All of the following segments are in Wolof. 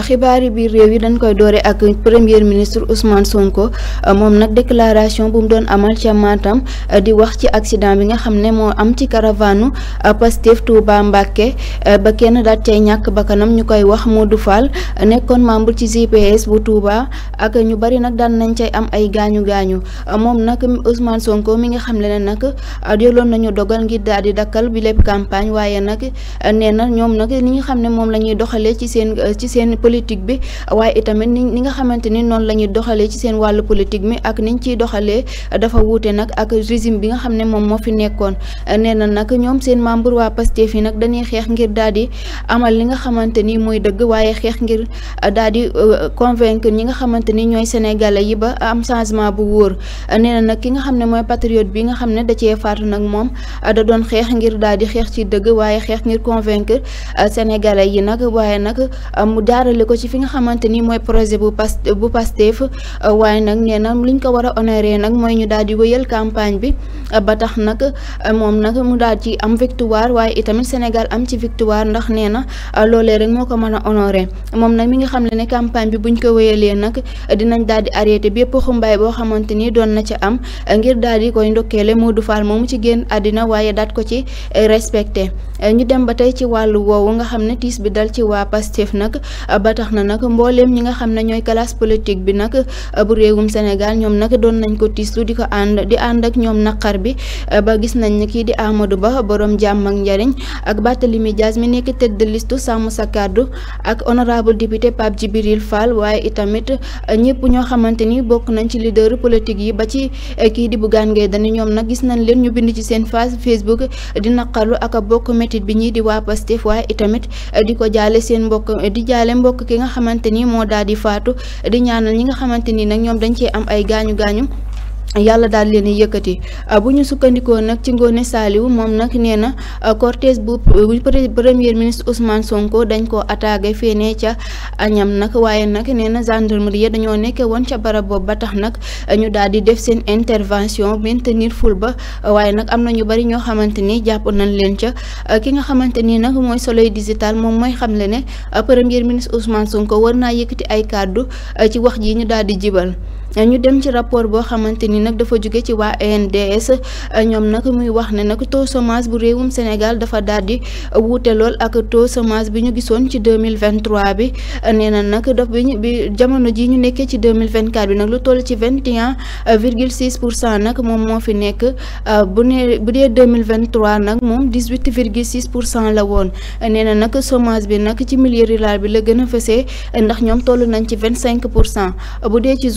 xibaar xibaari biir réew yi dañ koy doore ak premier ministre Ousmane Sonko moom nag déclaration bu mu doon amal ca Matam di wax ci accident bi nga xam ne moo am ci caravanu Pastef Touba Mbacké ba kenn daal cay ñàkk bakkanam ñu koy wax Modou Fall nekkoon membre ci GPS bu tuuba ak ñu bari nag daan nañ cay am ay gaañu gaañu moom nag Ousmane Sonko mi nga xam ne nag jëloon nañu dogal ngir daal di dakkal bi lépp campagne waaye nag nee na ñoom nag li nga xam ne moom la ñuy doxalee ci seen ci seen. politique bi waaye itamit ni nga xamante ni noonu la ñuy doxalee ci seen wàllu politique mi ak niñ ciy doxalee dafa wuute nag ak régime bi nga xam ne moom moo fi nekkoon nee na nag ñoom seen membre waa Pastef yi nag dañuy xeex ngir daal di amal li nga xamante ni mooy dëgg waaye xeex ngir uh, daal di uh, convaincre ñi nga xamante ni ñooy sénégalais yi ba am changement bu wóor nee na nag ki nga xam ne mooy patriote bi nga xam ne da cee faatu nag moom uh, da doon xeex ngir daal di xeex ci dëgg waaye xeex ngir convaincre sénégalais yi nag waaye nag mu jaar jaarale ko ci fi nga xamante ni mooy projet bu pas bu Pastef euh, waaye nag nee na liñ ko war a nag mooy ñu daal di wëyal campagne bi euh, ba tax nag euh, moom nag mu daal ci am victoire waaye itamit Sénégal am ci victoire ndax nee na loolee rek moo ko mën a moom nag mi nga xam ne campagne bi buñ ko wéyalee nag dinañ daal di arrêté bépp xumbaay boo xamante ni doon na ca am ngir daal di koy ndokkeele Modou Fall moomu ci génn àddina waaye daat ko ci respecté ñu dem ba tey ci wàllu woowu nga xam ne tiis bi dal ci waa Pastef nag ba tax na nag mbooleem ñi nga xam ne ñooy classe politique bi nag uh, bu réewum Sénégal ñoom nag doon nañ ko tiislu di ko ànd di ànd ak ñoom naqar bi uh, ba gis nañ ne kii di Amadou Ba borom jàmm ak njariñ ak Barthélémy Dias mi nekk tête de liste sàmm sa kàddu ak honorable député Pape Djibril Fall waaye itamit uh, ñëpp ñoo xamante ni bokk nañ ci leader politique yi ba ci kii di Bougane Gueye Dany ñoom nag gis nañ leen ñu bind ci seen face Facebook di naqarlu ak bokk métit bi ñii di waa Pastef waaye jaale seen mbokk di jaale mbokk mbokk ki nga xamante ni moo daal di faatu di ñaanal ñi nga xamante ni nag ñoom dañu cee am ay gaañu gaañum yàlla daal leen di yëkkati ah, bu ñu sukkandikoo nag ci Ngoone Saliou moom nag nee na ah, cortège bu premier ministre Ousmane Sonko dañ ko attaqué fene ca añam nag waaye nag nee na gendarmerie dañoo nekkee woon ca barab ba tax nag ñu daal def seen intervention maintenir ful ba waaye nag am na ñu bari ñoo xamante ni jàpp nañ leen ca ah, ki nga xamante ni nag mooy Soleil digital moom mooy xam le ne premier ministre Ousmane Sonko war naa yëkkati ay kàddu ci wax ji ñu daal di jibal ñu dem ci rapport boo xamante ni nag dafa jóge ci waa ENDS ñoom nag muy wax ne nag taux chômage bu réewum Sénégal dafa daal di wuute lool ak taux chômage bi ñu gisoon ci 2023 bi nee na nag daf bi jamono ji ñu nekkee ci 2024 bi nag lu toll ci vingt 21 virgule 6 pour cent nag moom moo fi nekk bu nee bu dee 2023 nag moom 18 virgule 6 pour cent la woon nee na nag chômage bi nag ci milieu rural bi la gën a fësee ndax ñoom toll nañ ci vingt cinq pour cent bu dee ci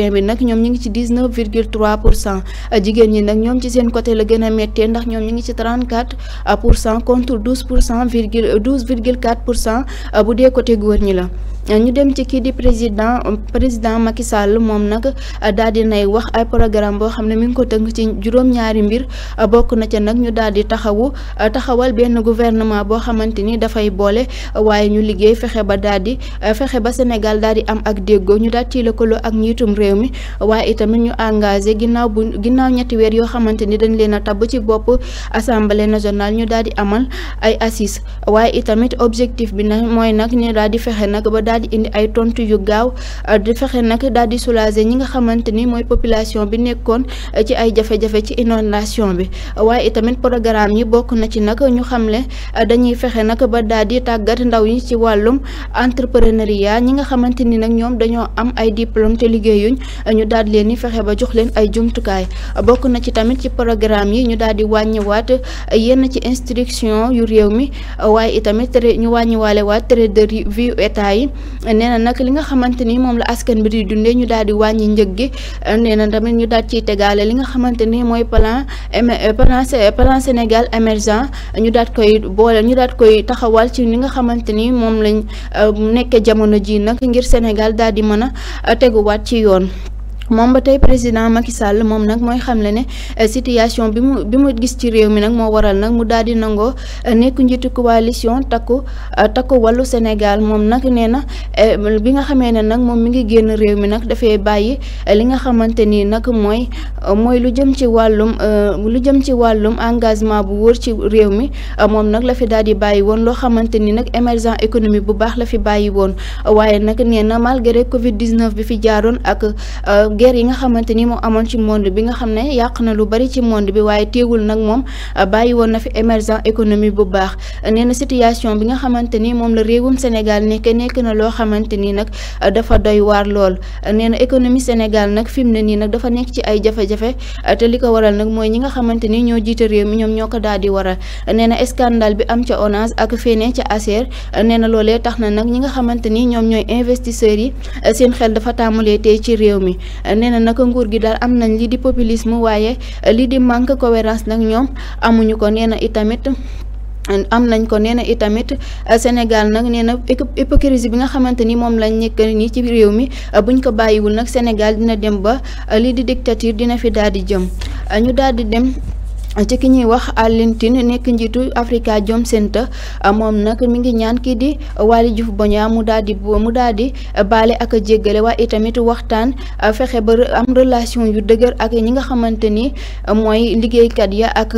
urbain bi nag ñoom ñu ngi ci 19 virgule 3 pour cent jigéen ñi nag ñoom ci seen côté la gën a méttee ndax ñoom ñu ngi ci trent 34 pour cent contre 12 pour cent virgule 12 virgule 4 pour cent bu dee côté góor ñi la ñu dem ci kii di président président Macky Sall moom nag euh, daal di nay wax ay programme boo xam ne mu ngi ko tënk ci juróom-ñaari mbir euh, bokk na ca nag ñu daal di taxawu euh, taxawal benn gouvernement boo xamante ni dafay boole waaye ñu liggéey fexe ba daal di fexe ba Sénégal daal di am ak déggoo ñu daal ci lëkkaloo ak njiitum réew mi waaye itamit ñu engagé ginnaaw bu ginnaaw ñetti weer yoo xamante ni dañ leen a tabb ci bopp assemblée nationale ñu daal di amal ay assises waaye itamit daal di indi ay tontu yu gaaw euh, di fexe nag daal di soulager ñi nga xamante ni mooy population bi nekkoon euh, ci ay jafe-jafe ci inondation bi waaye itamit programme yi bokk na ci nag ñu xamle euh, dañuy fexe nag ba daal di tàggat ndaw yi ci wàllum entrepreneuriat ñi nga xamante ni nag ñoom dañoo am ay diplôme te ñu daal di leen di fexe ba jox leen ay jumtukaay bokk na ci tamit ci programme yi ñu daal di wàññiwaat yenn ci instruction yu réew mi waaye itamit ñu wàññiwaale waat trésorier vu état yi nee na nag li nga xamante ni moom la askan bi di dundee ñu daal di wàññi njëg gi nee na tamit ñu daal ciy tegaale li nga xamante ni mooy plan euh, plan plan Sénégal émergent ñu daal koy boole ñu daal koy taxawal ci li nga xamante ni moom lañ euh, nekkee jamono ji nag ngir Sénégal daal di mën a euh, teguwaat ci yoon moom ba tey président Macky Sall moom nag mooy xamle ne euh, situation bi mu bi mu gis ci réew mi nag moo waral nag mu daal di nangoo euh, nekk njiitu coalition takku euh, takku wàllu Sénégal moom nag nee na bi nga xamee ne nag moom mi ngi génn réew mi nag dafee bàyyi li nga xamante ni nag mooy mooy lu jëm ci wàllum lu jëm ci wàllum engagement bu wóor ci réew mi moom nag la fi daal di bàyyi woon loo xamante ni nag émergent économique bu baax la fi bàyyi woon waaye nag nee na malgré Covid 19 bi fi jaaroon ak. guerre yi nga xamante ni moo amoon ci monde bi nga xam ne yàq na lu bari ci monde bi waaye teewul nag moom euh, bàyyi woon na fi émergent économie bu baax nee na situation bi nga xamante ni moom la réewum Sénégal nekk nekk na loo xamante ni nag euh, dafa doy lool nee na économie Sénégal nag fi mu ne nii nag dafa nekk ci ay jafe-jafe euh, te li ko waral nag mooy ñi nga xamante ni ñoo jiite réew mi ñoom ñoo ko daal di waral nee na bi am ca ONAS ak feneen ca ASER nee na loolee tax na nag ñi nga xamante ni ñoom ñooy investisseurs yi seen xel dafa tàmmulee tey ci réew mi nee na naka nguur gi daal am nañ lii di populisme waaye eh, lii di manque cohérence nag ñoom amuñu ko nee na itamit am nañ ko nee na itamit eh, Sénégal nag nee na hypocrisie bi nga xamante ni moom lañ nekk nii ci réew mi eh, buñ ko bàyyiwul nag Sénégal dina dem ba lii di dictature dina fi daal di jëm ñu daal di dem. ci ki ñuy wax Alioune Tine nekk njiitu Africa Jom Center moom nag mi ngi ñaan kii di Waly Diouf Bodiang mu daal di mu daal di baale ak jéggale waaye itamit waxtaan fexe ba am relation yu dëgër ak ñi nga xamante ni mooy liggéeykat ya ak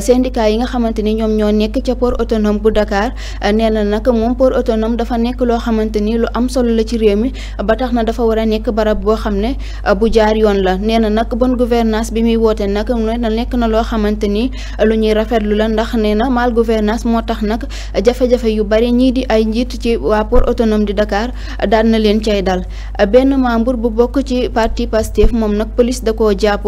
syndicat yi nga xamante ni ñoom ñoo nekk ca port autonome bu dakaar nee na nag moom port autonome dafa nekk loo xamante ni lu am solo la ci réew mi ba tax na dafa war a nekk barab boo xam ne bu jaar yoon la nee na nag bonne gouvernance na nekk na loo xamante ni lu ñuy rafetlu la ndax nee na mal gouvernance moo tax nag jafe-jafe yu bari ñii di ay njiit ci waa port autonome di Dakar daan na leen cay dal benn membre bu bokk ci parti Pastef moom nag police da ko jàpp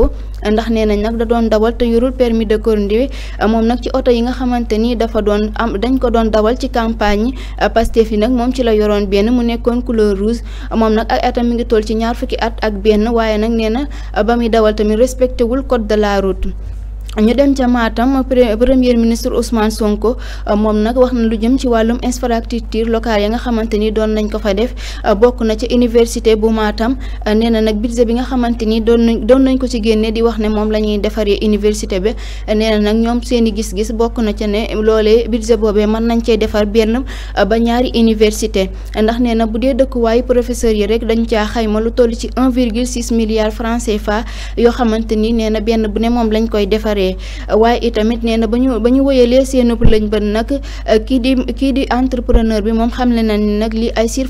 ndax nee nañ nag da doon dawal te yorul permis de conduire moom nag ci auto yi nga xamante ni dafa doon am dañ ko doon dawal ci campagne Pastef yi nag moom ci la yoroon benn mu nekkoon couleur rouge moom nag ak atam mi ngi toll ci ñaar fukki at ak benn waaye nag nee na ba muy dawal tamit respecté wul code de la route ñu dem ci matam premier ministre ousmane sonko euh, mom nak wax na lu jëm ci walum infrastructure locale ya nga xamanteni doon nañ ko fa def euh, bokku na ci université bu matam euh, nee na budget bi nga xamanteni doon nañ doon nañ ko ci génné di wax né mom lañuy ñuy université bi na ñom seeni gis-gis bokku na ci ne lolé budget bobé man nañ cee defar bénn ba ñaari université ndax nee na bu way professeur yi rek dañ ci xayma lu toll ci 1,6 milliard franc CFA yo xamanteni ni bénn na bu né mom lañ koy loolee waaye itamit nee na bañu ñu ba lañ ban nak ki di ki di entrepreneur bi mom xam na nak li ay sir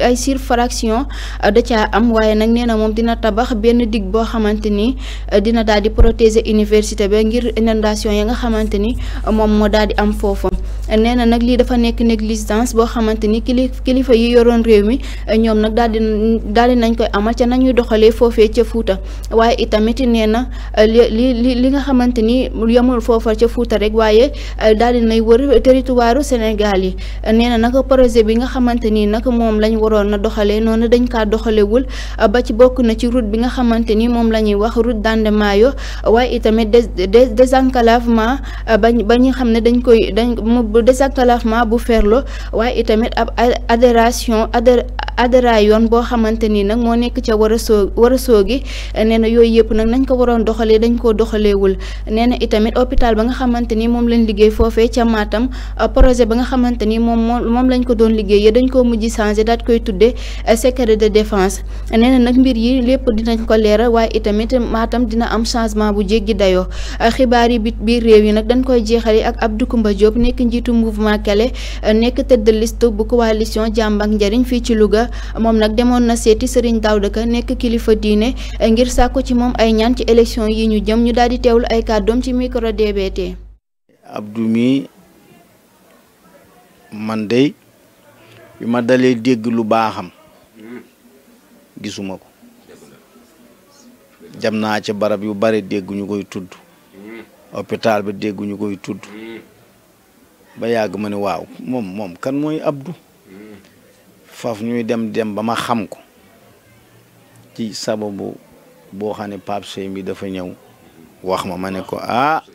ay fraction da ca am waye nak nee na dina tabax ben dig bo xamanteni dina daal di protéger université ba ngir inondation ya nga xamanteni mom mo di am fofu nee na nag lii dafa nekk négligence boo xamante ni kili kilifa yi yoroon réew mi ñoom nag daal di nañ koy amal ca nañuy doxalee foofee ca Fuuta waaye itamit nee na li li li nga xamante ni yamul foofa ca Fuuta rek waaye daal di nay wër territoire Sénégal yi nee na projet bi nga xamante ni nag moom lañ waroon na doxalee noonu dañ kaa doxalewul ba ci bokk na ci route bi nga xamante ni moom la ñuy wax route d'Andemayo waaye itamit désenclavement ba bañ ñu xam ne dañ koy dañ du désenclavement bu Ferlo waaye itamit ab adhération adhé adara yoon boo xamante ni nag moo nekk ca war a soo war soo gi nee na yooyu yëpp nag nañ ko waroon doxalee dañ koo doxaleewul nee na itamit hôpital ba nga xamante ni moom lañ liggéey foofee ca Matam projet ba nga xamante ni moom moom lañ ko doon liggéeyee dañ koo mujj changé daat koy tuddee secret de défense nee na nag mbir yi lépp dinañ ko leeral waaye itamit maatam dina am changement bu jéggi dayoo xibaar yi biir réew yi nag dañ koy jeexalee ak Abdou Koumba Diop nekk njiitu mouvement Kale nekk tête de liste bu coalition jàmm ak njariñ fii ci Louga moom nag demoon na seeti Serigne Daouda nekk kilifa diine ngir sàkku ci moom ay ñaan ci élection yi ñu jëm ñu daal di teewlu ay kàddoom ci micro DBT. Abdou mi man dey bi ma dalee dégg lu baaxam gisuma ko jam naa ci barab yu bari dégg ñu koy tudd hôpital bi dégg ñu koy tudd ba yàgg ma ne waaw moom moom kan mooy abdu faf ñuy dem dem ba ma xam ko ci sababu bo xane pap sey mi dafa ñew wax ma mané ko ah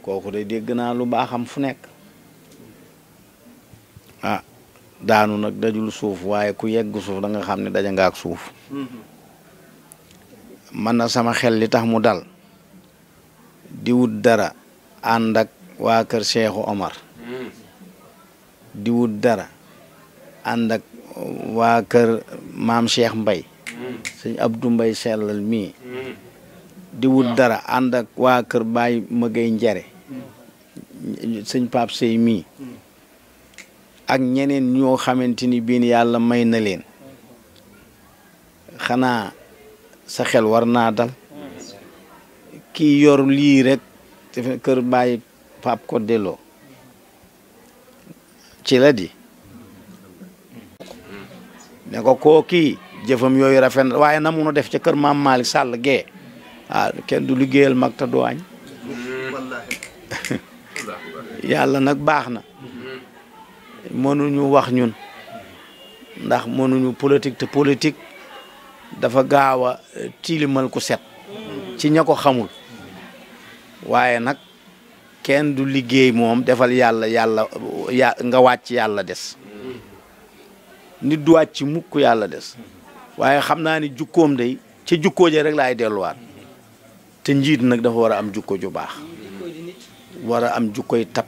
koku day dégg na lu baaxam fu nek ah daanu nak dajul suuf waye ku yegg suuf da nga xam ak suuf man na sama xel li tax mu dal di wut dara andak wa Cheikh Omar hmm. di wut dara ànd ak waa kër maam Cheikh Mbay mm. sëñ Abdou Mbay sellal mii mm. di wut dara ànd ak waa kër Baay Mëgay Njare mm. sëñ Pape Sey mii ak ñeneen ñoo xamante ni biin yàlla may na leen xanaa sa xel war naa dal kii yor lii rek te kër Baay Pape ko delloo ci la di ne ko koo kii jëfam yooyu rafet na waaye na mun a def ca kër maam Malick Sall gee ah kenn du liggéeyal mag te du yàlla nag baax na mënuñu wax ñun ndax mënuñu politique te politique dafa gaaw a eh, tilimal ku set ci ña ko xamul waaye nag kenn du liggéey moom defal yàlla yàlla nga wàcc yàlla des nit du wàcc ci mukk yàlla des waaye xam naa ni jukkoom day ca jukkoo ja rek laay delluwaat te njiit nag dafa war a am jukko ju baax war am jukkoy tab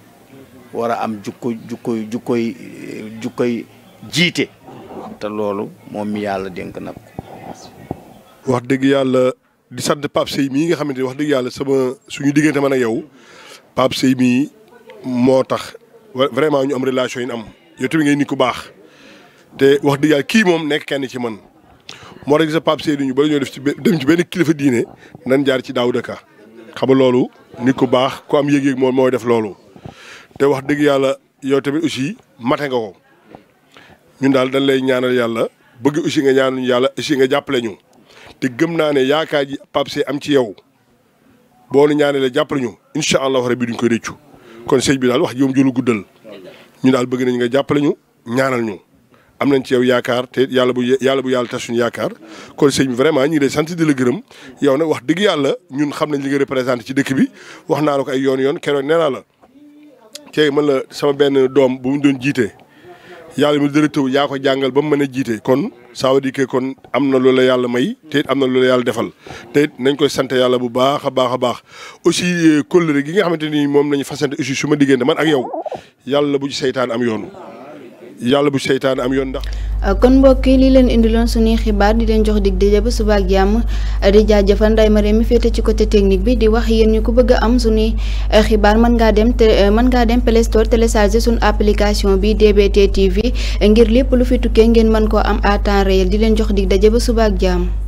war am jukko jukkoy jukkoy jukkoy jiite te loolu moom mi yàlla denk na wax dëgg yàlla di sant Pape Seye yi nga xamante ni wax dëgg yàlla sama suñu diggante man ak yow Pape Seye moo tax vraiment ñu am relation yi am yow tamit ngay nit baax te wax dëgg yàlla kii moom nekk kenn ci man moo tax gis Pape Seydou ñu bari ñoo def ci dem ci benn kilifa diine nan jaar ci Daouda Ka xam nga loolu nit ku baax ko am yëg-yëg moom mooy def loolu te wax dëgg yàlla yow tamit aussi mate nga ko ñun daal dañ lay ñaanal yàlla bëgg aussi nga ñaanal ñu yàlla aussi nga jàppale ñu te gëm naa ne yaakaar ji Pape am ci yow boo nu ñaanalee jàppale ñu incha allah bi duñ koy rëccu kon sëñ bi daal wax yoom julu guddal ñu daal bëgg nañ nga jàppale ñu ñaanal ñu. am nañ ci yow yaakaar te yàlla bu yàlla bu yàlla tas suñu yaakaar kon sëñ bi vraiment ñu ngi lay sant di la yow nag wax dëgg yàlla ñun xam nañ li nga représenté ci dëkk bi wax naa la ko ay yoon yoon keroog nee naa la tey man la sama benn doom bu mu doon jiite yàlla mu dërëtëw yaa ko jàngal ba mu mën a jiite kon ça veut dire kon am na loola yàlla may te am na loola yàlla defal te nañ koy sante yàlla bu baax a baax a baax aussi euh, kóllëre gi nga xamante ni moom lañu fasante aussi su ma diggante man ak yow yàlla bu ci seytaan am yoonu yàlla bu seytaane am yoon ndax. Euh, kon mbokk yi lii leen indiloon suñuy xibaar di leen jox dig daje ba suba ak jàmm euh, di jaajëfal Ndeye Marème mi féete ci côté technique bi di wax yéen ñu ko bëgg am suñuy euh, xibaar mën ngaa dem te mën ngaa dem Play Store télécharger suñu application bi DBT TV ngir lépp lu fi tukkee ngeen mën koo am à temps di leen jox dig daje ba suba ak jàmm.